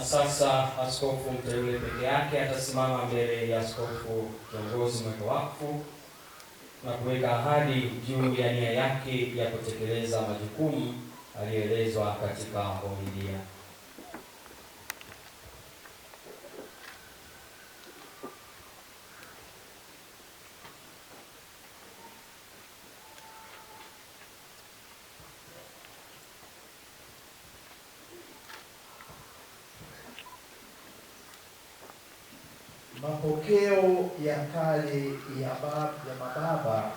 na sasa askofu mteule peke yake atasimama mbele ya askofu kiongozi mwenye wakfu na kuweka ahadi juu ya nia yake ya kutekeleza majukumu aliyoelezwa katika homilia. Mapokeo ya kale ya, ya mababa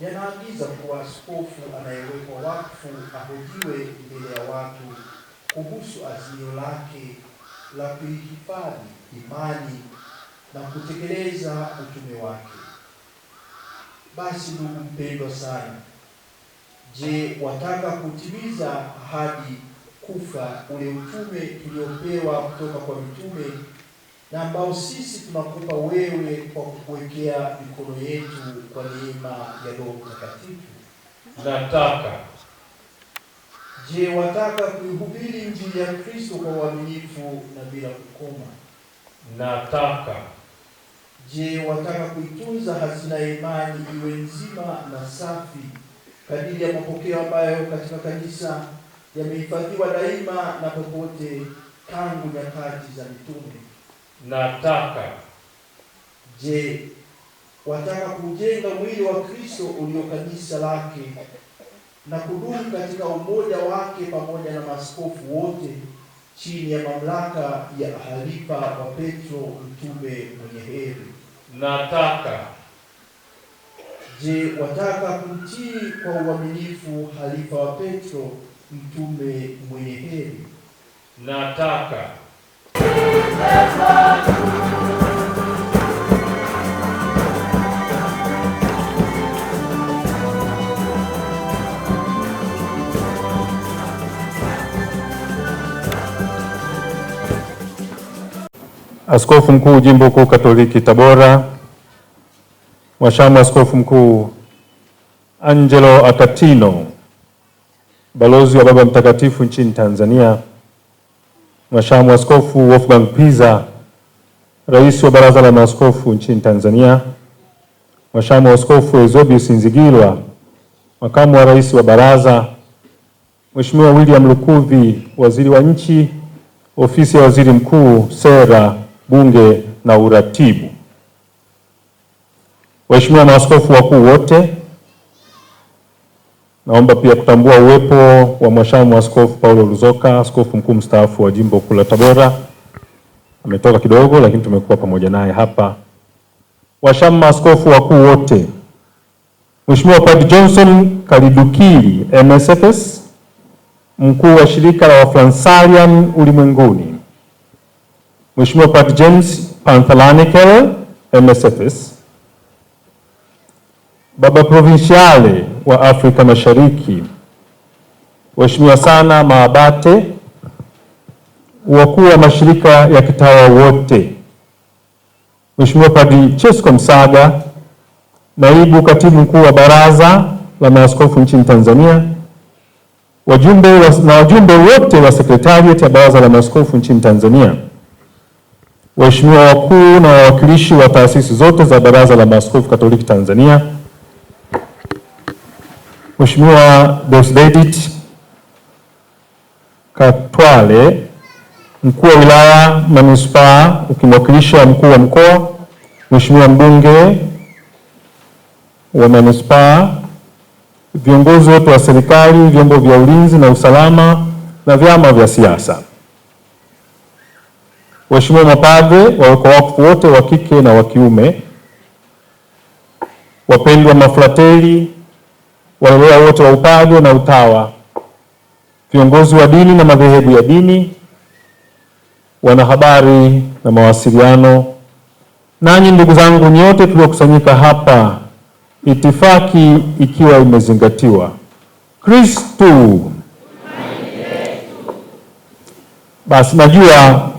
yanaagiza kuwa askofu anayewekwa wakfu ahojiwe mbele ya watu kuhusu azimio lake la kuihifadhi imani na kutekeleza utume wake. Basi ndugu mpendwa sana, je, wataka kutimiza ahadi kufa ule utume tuliopewa kutoka kwa mitume na ambao sisi tunakupa wewe kwa kuwekea mikono yetu kwa neema ya Roho Mtakatifu. Nataka je, wataka kuihubiri Injili ya Kristo kwa uaminifu na bila kukoma? Nataka je, wataka kuitunza hazina ya imani iwe nzima na safi kadiri ya mapokeo ambayo katika kanisa yamehifadhiwa daima na popote tangu nyakati za mitume nataka. Je, wataka kujenga mwili wa Kristo ulio kanisa lake na kudumu katika umoja wake pamoja na maaskofu wote chini ya mamlaka ya halifa wa Petro mtume mwenye heri. Nataka. Je, wataka kumtii kwa uaminifu halifa wa Petro mtume mwenye heri. Nataka. Askofu Mkuu Jimbo Kuu Katoliki Tabora, Mwashamu Askofu Mkuu Angelo Akatino, balozi wa Baba Mtakatifu nchini Tanzania. Mhashamu Askofu Wolfgang Pisa, rais wa Baraza la Maaskofu nchini Tanzania, Mhashamu Askofu Eusebius Nzigilwa, makamu wa rais wa baraza, Mheshimiwa William Lukuvi, waziri wa nchi ofisi ya waziri mkuu, sera, bunge na uratibu, waheshimiwa maaskofu wakuu wote Naomba pia kutambua uwepo wa Mhashamu Askofu Paulo Luzoka, askofu mkuu mstaafu wa Jimbo Kuu la Tabora. Ametoka kidogo lakini tumekuwa pamoja naye hapa. Washamu maaskofu wakuu wote. Mheshimiwa Padre Johnson Kalidukili MSFS, mkuu wa shirika la Wafransalian ulimwenguni. Mheshimiwa Padre James Panthalane MSFS Baba Provinsiale wa Afrika Mashariki, waheshimiwa sana maabate, wakuu wa mashirika ya kitawa wote, Mheshimiwa Padri Chesko Msaga, naibu katibu mkuu wa Baraza la Maaskofu nchini Tanzania, wajumbe wa, na wajumbe wote wa sekretarieti ya Baraza la Maaskofu nchini Tanzania, waheshimiwa wakuu na wawakilishi wa taasisi zote za Baraza la Maaskofu Katoliki Tanzania Mheshimiwa Deusdedit Katwale, mkuu wa wilaya na manispaa ukimwakilisha mkuu wa mkoa, Mheshimiwa mbunge wa manispaa, viongozi wote wa serikali, vyombo vya ulinzi na usalama na vyama vya siasa, Waheshimiwa mapadre, waweka wakfu wote wa kike na wa kiume, wapendwa mafrateli walowea wote wa upadre na utawa, viongozi wa dini na madhehebu ya dini, wanahabari na mawasiliano, nanyi ndugu zangu nyote tuliokusanyika hapa, itifaki ikiwa imezingatiwa. Kristu! Basi najua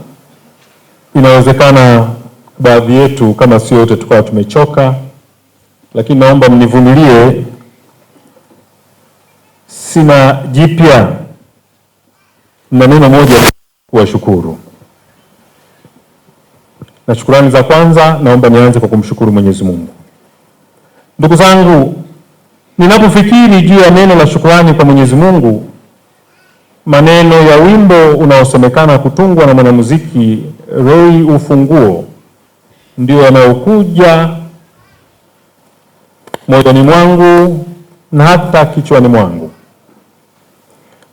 inawezekana baadhi yetu kama sio wote tukawa tumechoka, lakini naomba mnivumilie sina jipya na neno moja kuwashukuru. Na shukurani za kwanza, naomba nianze kwa kumshukuru Mwenyezi Mungu. Ndugu zangu, ninapofikiri juu ya neno la shukurani kwa Mwenyezi Mungu, maneno ya wimbo unaosemekana kutungwa na mwanamuziki Roy Ufunguo ndio yanayokuja moyoni mwangu na hata kichwani mwangu.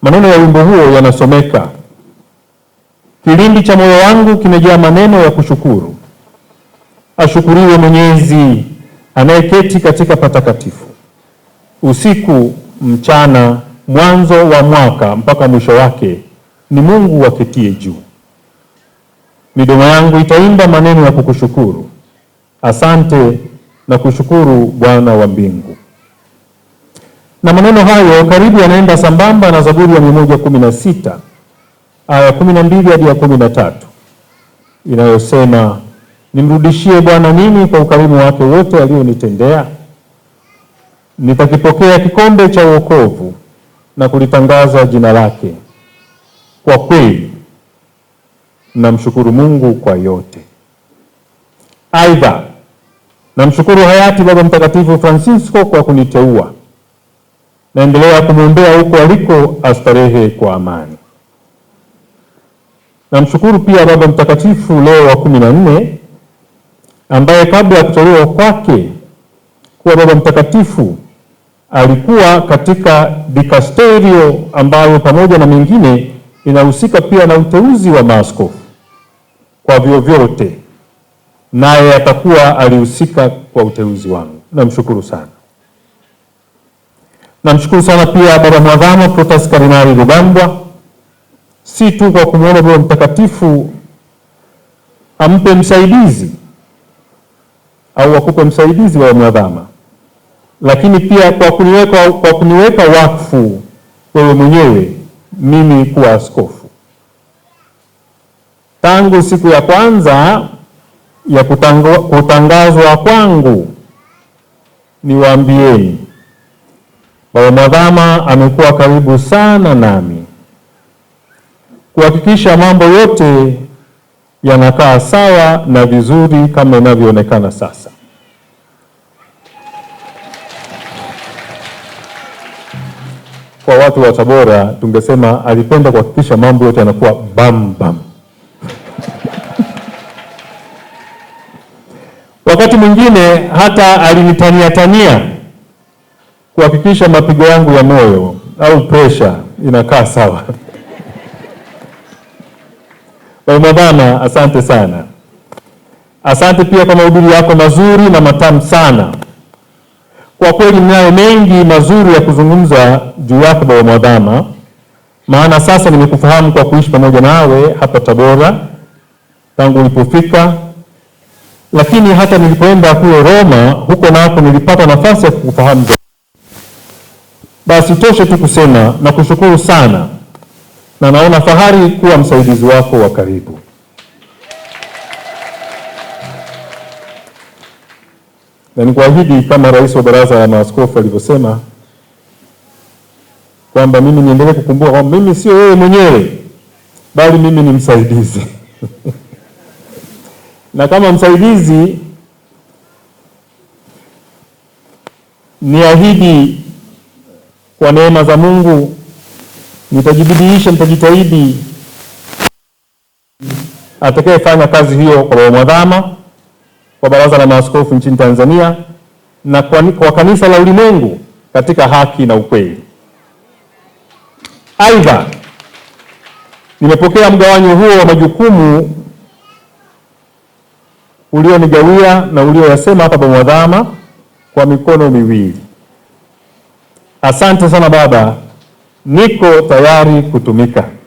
Maneno ya wimbo huo yanasomeka: kilindi cha moyo wangu kimejaa maneno ya kushukuru, ashukuriwe Mwenyezi anayeketi katika patakatifu. Usiku mchana, mwanzo wa mwaka mpaka mwisho wake, ni Mungu waketie juu. Midomo yangu itaimba maneno ya kukushukuru. Asante na kushukuru Bwana wa mbingu na maneno hayo karibu yanaenda sambamba na Zaburi ya mia moja kumi na sita aya kumi na mbili hadi ya kumi na tatu inayosema nimrudishie Bwana nini kwa ukarimu wake wote alionitendea? Nitakipokea kikombe cha wokovu na kulitangaza jina lake. Kwa kweli namshukuru Mungu kwa yote. Aidha, namshukuru hayati Baba Mtakatifu Francisco kwa kuniteua naendelea kumwombea huko aliko, astarehe kwa amani. Namshukuru pia Baba Mtakatifu Leo wa kumi na nne ambaye kabla ya kutolewa kwake kuwa Baba Mtakatifu alikuwa katika dikasterio ambayo pamoja na mengine inahusika pia na uteuzi wa maaskofu kwa vyovyote, naye atakuwa alihusika kwa uteuzi wangu. Namshukuru sana. Namshukuru sana pia Baba Mwadhamu Protas Kardinali Rugambwa, si tu kwa kumwomba Baba Mtakatifu ampe msaidizi au akupe msaidizi wa Mwadhama, lakini pia kwa kuniweka, kwa kuniweka wakfu wewe mwenyewe mimi kuwa askofu. Tangu siku ya kwanza ya kutangazwa kwangu, niwaambieni Baba Mwadhama amekuwa karibu sana nami kuhakikisha mambo yote yanakaa sawa na vizuri kama inavyoonekana sasa. Kwa watu wa Tabora tungesema alipenda kuhakikisha mambo yote yanakuwa bam bam. Wakati mwingine hata alinitania tania kuhakikisha mapigo yangu ya moyo au presha inakaa sawa. Mama Bana, asante sana. Asante pia kwa mahubiri yako mazuri na matamu sana. Kwa kweli mnayo mengi mazuri ya kuzungumza juu yako Baba Mwadhama, maana sasa nimekufahamu kwa kuishi pamoja nawe hapa Tabora tangu ulipofika, lakini hata nilipoenda kule Roma, huko nako nilipata nafasi ya kukufahamu. Basi toshe tu kusema na kushukuru sana, na naona fahari kuwa msaidizi wako wa karibu. Na nikuahidi kama rais wa baraza la maaskofu alivyosema kwamba mimi niendelee kukumbuka kwamba mimi sio wewe mwenyewe, bali mimi ni msaidizi na kama msaidizi niahidi kwa neema za Mungu nitajibidiisha, nitajitahidi. Atakayefanya kazi hiyo kwa baba mwadhama, kwa baraza la maaskofu nchini Tanzania na kwa, kwa kanisa la ulimwengu katika haki na ukweli. Aidha, nimepokea mgawanyo huo wa majukumu ulionigawia na ulioyasema hapa baba mwadhama kwa mikono miwili. Asante sana baba, niko tayari kutumika.